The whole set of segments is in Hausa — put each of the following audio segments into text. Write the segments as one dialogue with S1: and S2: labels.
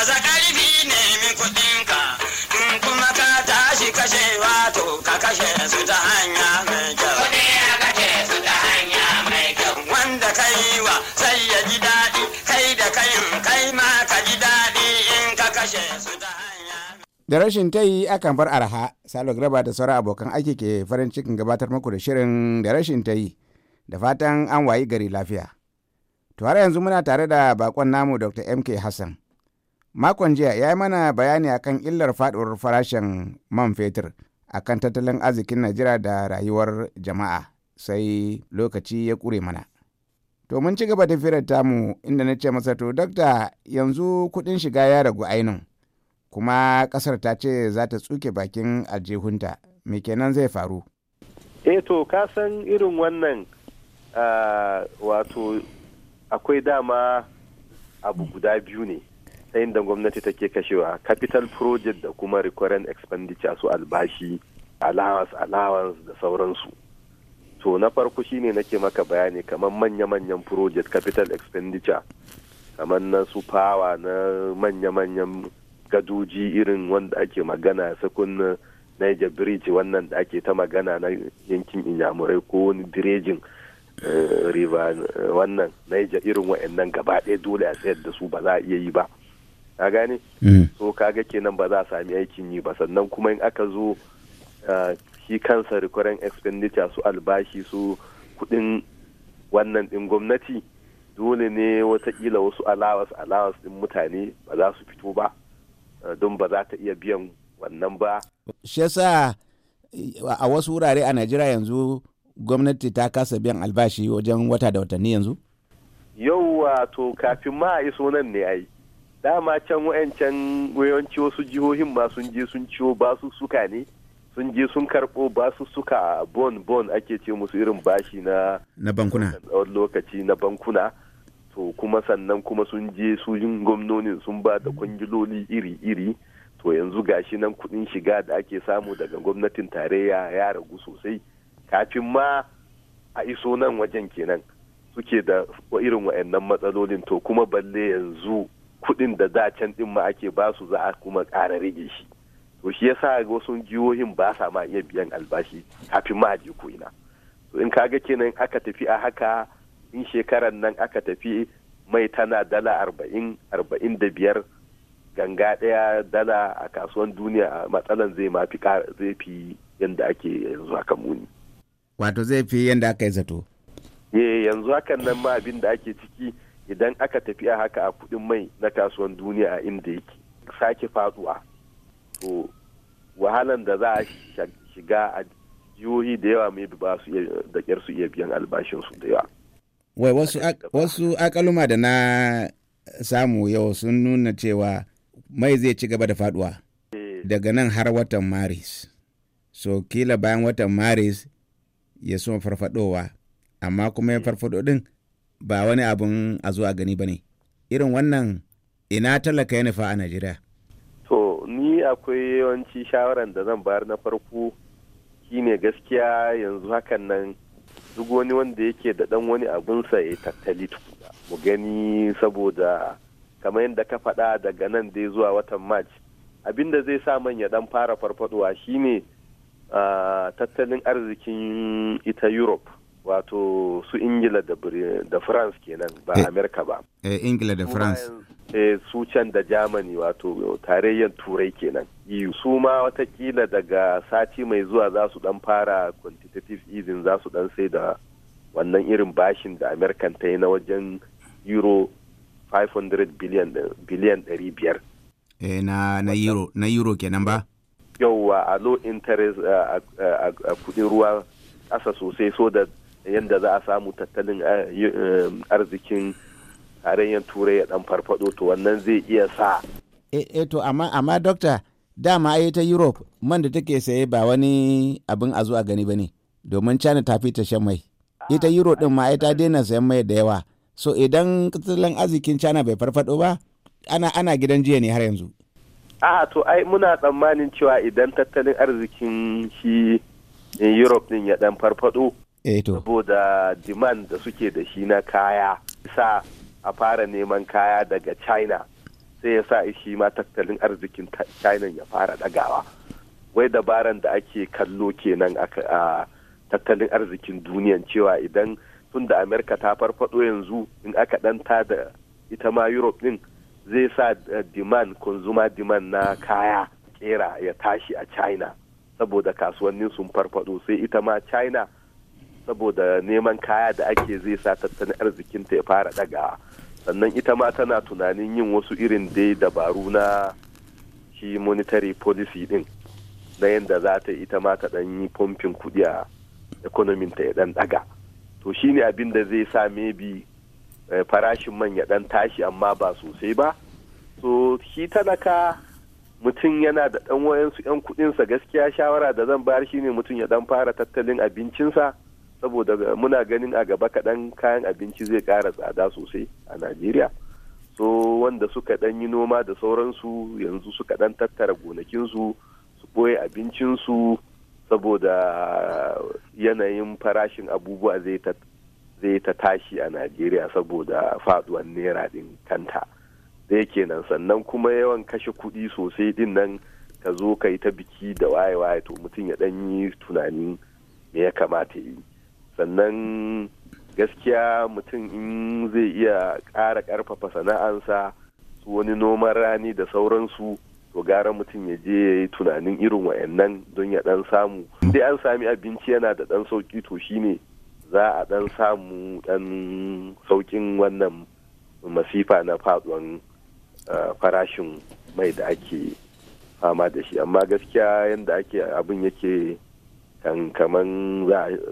S1: baza ƙarfi nemi kuɗinka in kuma ka tashi kashe wato ka kashe su ta hanya mai kyau. su ta hanya mai kyau. Wanda ka yi wa sai ya ji daɗi kai da kayin kai ma ka ji daɗi in ka kashe su ta hanya. Da rashin ta yi akan bar arha, Salo Graba da sauran abokan aiki ke farin cikin gabatar muku da shirin da rashin ta yi, da fatan an wayi gari lafiya. To har yanzu muna tare da bakon namu Dr. MK Hassan. makon jiya ya yi mana bayani akan illar faɗuwar farashin man fetur akan tattalin arzikin najeriya da rayuwar jama'a sai lokaci ya ƙure mana to mun ci gaba da firar tamu inda na ce masa to dakta yanzu kuɗin shiga ya ragu ainun kuma ƙasar ta ce za ta tsuke bakin aljihunta me kenan zai faru
S2: e to ka san irin wannan ah, wato akwai dama abu guda biyu ne matsayin da gwamnati take kashewa capital project da kuma recurrent expenditure su albashi allowance allowance da sauransu to na farko shine nake maka bayani kamar manya-manyan project capital expenditure kamar na su fawa na manya-manyan gadoji irin wanda ake magana sakun Niger Bridge wannan da ake ta magana na yankin inyamurai ko wani direjin eh, river eh, wannan Niger irin wa'annan gaba ɗaya dole a tsayar da su ba za a iya yi ba ka gane mm. so ga kenan ba za a sami aikin yi ba sannan kuma in aka zo ah, shi kansa recurrent expenditure su albashi su kudin wannan din gwamnati dole ne watakila wasu allowance allowance din mutane ba za su fito ba ah, don ba za ta iya biyan wannan ba
S1: shi eh, a wasu wurare a najeriya yanzu gwamnati ta kasa biyan albashi wajen wata da watanni yanzu
S2: yau wato kafin ma a yi sunan ne ai dama can wayancan wayanci wasu jihohin ma sun je sun ciwo su suka ne sun je sun karɓo su suka bon bon ake ce musu irin bashi na na bankuna lokaci na bankuna to kuma sannan kuma sun je su yin gwamnonin sun ba da kwangiloli iri-iri to yanzu gashi nan kuɗin shiga da ake samu daga gwamnatin tarayya ya ragu sosai kafin ma a iso nan wajen kenan suke da irin wa'annan matsalolin to kuma balle yanzu kuɗin da za can din ma ake ba su za a kuma ƙara rage shi to shi yasa wasu jihohin ba sa ma iya biyan albashi kafin ma a je ko ina to in kaga kenan aka tafi a haka in shekaran nan aka tafi mai tana dala arba'in arba'in da biyar ganga ɗaya dala a kasuwan duniya matsalan zai mafi zai fi yadda ake yanzu haka muni
S1: wato zai fi yadda aka yi zato
S2: eh yanzu hakan nan ma abin da ake ciki idan aka tafiya haka a kudin mai na kasuwan duniya a inda yake sake faduwa to wahalan da za a shiga a jihohi da yawa mai ba su da kyar su iya biyan albashinsu da yawa
S1: wai wasu akaluma da na samu yau sun nuna cewa mai zai ci gaba da faduwa eh. daga nan har watan maris so kila bayan watan maris ya suma farfadowa amma kuma ya eh. farfado din ba wani abin a zuwa gani ba ne irin wannan ina talaka ya nufa a najeriya
S2: to ni akwai yawanci shawaran da zan bayar na farko ne gaskiya yanzu hakan nan duk wani wanda yake da dan wani abunsa ya tattali mu gani saboda kamar yadda ka faɗa daga nan dai zuwa watan march da zai sa manya dan fara farfadowa shine ah, tattalin arzikin ita europe wato su ingila da, da france kenan ba eh. amerika ba
S1: eh, ingila da france
S2: eh, su can da germany wato tarayyar turai kenan eu su ma watakila daga sati mai zuwa za su dan fara quantitative easing za su dan sai da wannan irin bashin da amerikan ta yi na wajen euro 500 biliyan 500
S1: eh, na, na euro na euro kenan ba
S2: yauwa a low interest a kudin ruwa ƙasa sosai so da yadda za a samu tattalin eh, eh, arzikin tarayyar turai ya dan farfado to wannan zai iya sa
S1: eh, eh to amma amma dokta dama ai ta europe man da take saye ba wani abin a zo a gani bane domin china ta fi ta shan mai ita euro din ma ai ta daina sayan mai da yawa so idan tattalin arzikin china bai farfado ba ana ana gidan jiya ne har yanzu
S2: a to ai muna tsammanin cewa idan tattalin arzikin shi europe din ya dan farfado Eh, saboda demand da suke da shi na kaya sa a fara neman kaya daga china sai ya sa shi ma tattalin arzikin china ya fara dagawa wai dabaran da ake kallo kenan a tattalin arzikin duniyan cewa idan tun da amerika ta farfado yanzu in aka danta da ita ma europe din zai sa eh, demand consumer demand na kaya kera ya tashi a china saboda kasuwannin sun farfado sai ita ma china saboda neman kaya da ake zai sa tattalin arzikin ta ya fara daga sannan ita ma tana tunanin yin wasu irin dai dabaru na shi monetary policy din na yadda za ta ita ma ta dan yi fomfin kudi a economy ta ya dan daga to shi ne abin da zai sa maybe eh, farashin man ya dan tashi amma ba sosai ba so shi talaka mutum yana da ɗan wayansu 'yan kuɗinsa gaskiya shawara da zan bayar ne mutum ya dan fara tattalin abincinsa saboda muna ganin a gaba kaɗan kayan abinci zai ƙara tsada sosai a najeriya so wanda suka ɗan yi noma da sauransu yanzu suka ɗan tattara gonakinsu su ɓoye abincinsu saboda yanayin farashin abubuwa zai ta tashi a najeriya saboda faduwan naira ɗin kanta zai kenan sannan kuma yawan kashe kuɗi sosai ɗin nan ka zo ka yi ta biki da waye-waye to mutum ya ɗan yi tunanin me ya kamata yi sannan gaskiya mutum in zai iya ƙara ƙarfafa sana'ansa su wani noman rani da sauransu to gara mutum ya je ya yi tunanin irin wayannan don ya ɗan samu dai an sami abinci yana da ɗan sauƙi to shine za a ɗan samu ɗan sauƙin wannan masifa na faɗuwan farashin mai da ake fama da shi amma gaskiya yadda ake abin yake kan kaman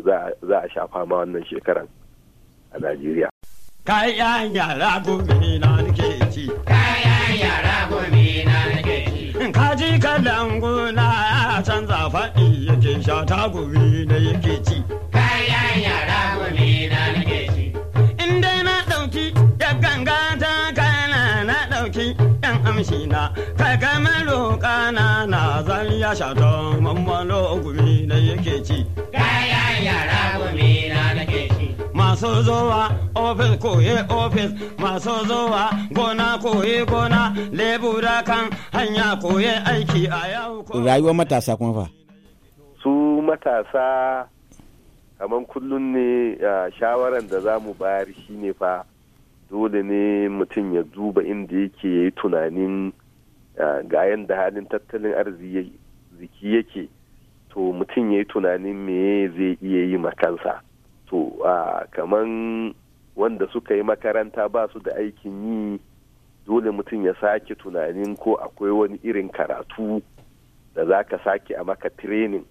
S2: za a shafa ma wannan shekaran a najeriya kayan yara gobe na nake ci kayan yara
S1: gobe na nake ci kaji kalan gona canza faɗi yake sha ta gobe na yake ci kayan yara gobe ci yan amshi na kai malo kana na zan ya shato mammalo gumi na yake ci
S2: kaya yara gumi na nake ci
S1: zowa ofis koye ofis masu zowa gona koye gona lebura
S2: kan hanya koye aiki a yau
S1: rayuwar matasa kuma fa
S2: su matasa kamar kullum ne shawaran da za mu bayar shine fa dole ne mutum ya duba inda yake ya yi tunanin ga yadda halin tattalin arziki yake to mutum ya yi tunanin me zai iya yi makansa to kaman wanda suka yi makaranta ba su da aikin yi dole mutum ya sake tunanin ko akwai wani irin karatu da za ka sake a maka training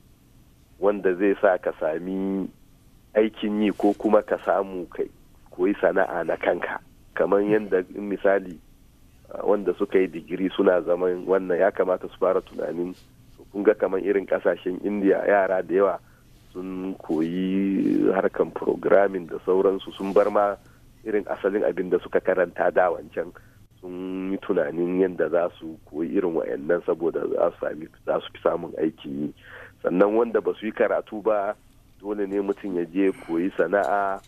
S2: wanda zai sa ka sami aikin yi ko kuma ka samu kai. koyi sana'a na kanka kamar mm. yadda misali uh, wanda suka yi digiri suna zaman wannan ya kamata su fara tunanin kun ga kamar irin kasashen indiya yara da yawa sun koyi harkan programming da sauransu sun bar ma irin asalin abin da suka karanta da wancan sun yi tunanin yadda za su koyi irin wayannan saboda za su fi samun aiki sannan wanda ba su yi karatu ba dole ne mutum ya je koyi sana'a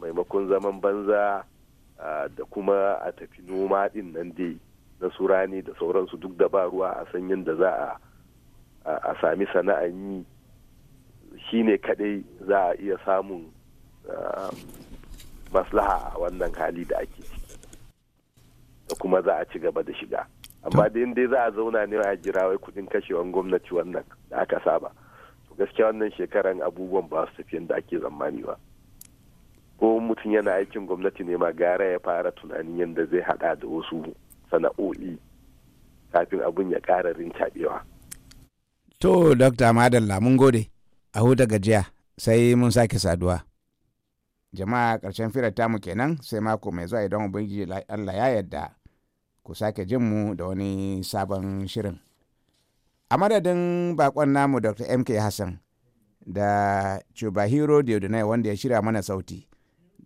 S2: maimakon zaman banza da kuma a tafi noma din nan dai na surani da sauransu duk da ba ruwa a sanyin da za a sami sana'an yi shi ne kadai za a iya samun maslaha a wannan hali da ake da kuma za a ci gaba da shiga amma da dai za a zauna ne a jira wai kudin kashewan gwamnati wannan da aka saba gaskiya wannan shekaran abubuwan ba su tafi yadda ake tsammani ba ko mutum yana aikin gwamnati ne ma gara ya fara tunanin yadda zai hada da wasu sana'o'i kafin abin ya kara rincaɓewa.
S1: To, Dokta Madalla, lamun gode, a huta gajiya sai mun sake saduwa. Jama'a ƙarshen firar tamu kenan sai mako mai zuwa idan Ubangiji Allah ya yadda ku sake jin mu da wani sabon shirin. A madadin bakon namu Dr. MK Hassan da Chubahiro Diodunai wanda ya shirya mana sauti.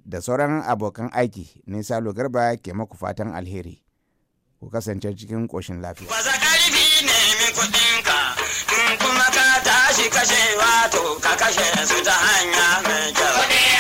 S1: da sauran abokan aiki nisa garba ke maku fatan alheri ku kasance cikin ƙoshin lafiya. Waza ƙarfi nemin kuɗinka, in kuma ka tashi kashe wato ka kashe su ta hanya mai kyau.